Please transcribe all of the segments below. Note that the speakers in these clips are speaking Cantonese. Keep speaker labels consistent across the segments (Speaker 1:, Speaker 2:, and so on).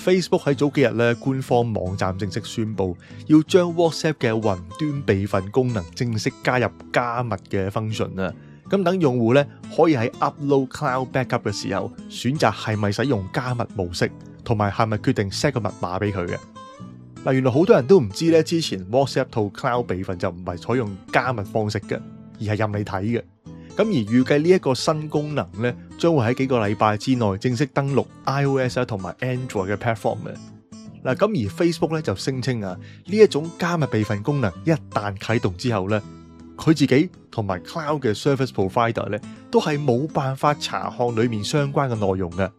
Speaker 1: Facebook 喺早幾日咧，官方網站正式宣布要將 WhatsApp 嘅雲端備份功能正式加入加密嘅 function 啊！咁等用戶咧可以喺 upload cloud backup 嘅時候，選擇係咪使用加密模式，同埋係咪決定 set 個密碼俾佢嘅。嗱，原來好多人都唔知咧，之前 WhatsApp 套 cloud 備份就唔係採用加密方式嘅，而係任你睇嘅。咁而預計呢一個新功能咧，將會喺幾個禮拜之內正式登陸 iOS 啊同埋 Android 嘅 platform 咧。嗱，咁而 Facebook 咧就聲稱啊，呢一種加密備份功能一旦啟動之後咧，佢自己同埋 cloud 嘅 service provider 咧，都係冇辦法查看裏面相關嘅內容嘅。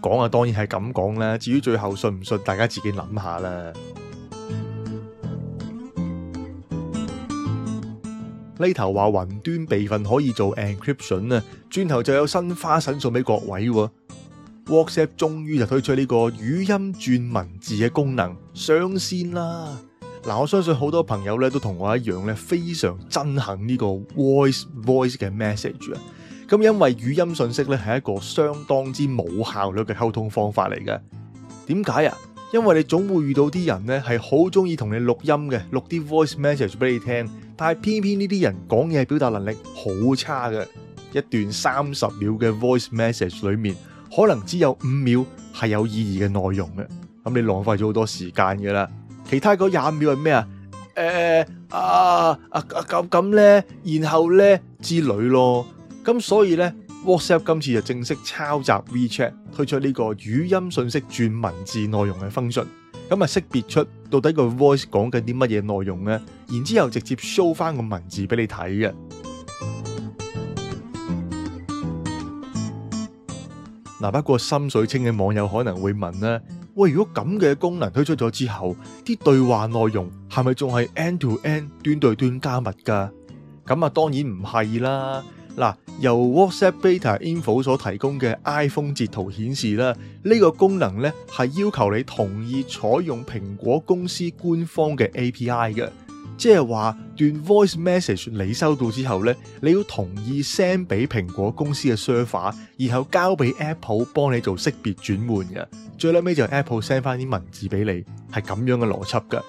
Speaker 1: 講啊當然係咁講啦，至於最後信唔信，大家自己諗下啦。呢頭話雲端備份可以做 encryption 啊，轉頭就有新花臣送俾各位。WhatsApp 終於就推出呢個語音轉文字嘅功能上線啦。嗱，我相信好多朋友咧都同我一樣咧，非常憎恨呢個 voice voice 嘅 message 啊。咁因為語音信息咧係一個相當之冇效率嘅溝通方法嚟嘅。點解啊？因為你總會遇到啲人咧係好中意同你錄音嘅，錄啲 voice message 俾你聽。但係偏偏呢啲人講嘢表達能力好差嘅，一段三十秒嘅 voice message 裏面，可能只有五秒係有意義嘅內容嘅，咁你浪費咗好多時間噶啦。其他嗰廿秒係咩啊？誒啊啊咁咁咧，然後咧之類咯。咁所以呢 WhatsApp 今次就正式抄襲 WeChat 推出呢個語音信息轉文字內容嘅 function。咁啊，識別出到底個 voice 講緊啲乜嘢內容呢？然之後直接 show 翻個文字俾你睇嘅。嗱，不過心水清嘅網友可能會問呢，喂，如果咁嘅功能推出咗之後，啲對話內容係咪仲係 end to end 端對端加密噶？咁啊，當然唔係啦。嗱、呃，由 WhatsApp Beta Info 所提供嘅 iPhone 截圖顯示啦，呢、這個功能呢係要求你同意採用蘋果公司官方嘅 API 嘅，即係話段 voice message 你收到之後呢，你要同意 send 俾蘋果公司嘅 server，然後交俾 Apple 幫你做識別轉換嘅，最後尾就 Apple send 返啲文字俾你，係咁樣嘅邏輯㗎。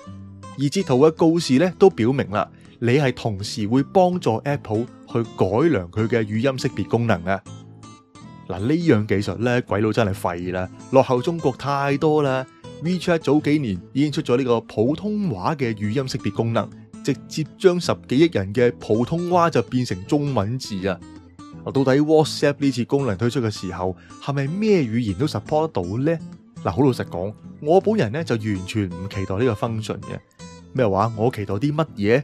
Speaker 1: 而截圖嘅告示呢都表明啦。你係同時會幫助 Apple 去改良佢嘅語音識別功能嘅啊。嗱呢樣技術咧，鬼佬真係廢啦，落後中國太多啦。WeChat 早幾年已經出咗呢個普通話嘅語音識別功能，直接將十幾億人嘅普通話就變成中文字啊！到底 WhatsApp 呢次功能推出嘅時候係咪咩語言都 support 得到呢？嗱，好老實講，我本人咧就完全唔期待呢個 function 嘅。咩話？我期待啲乜嘢？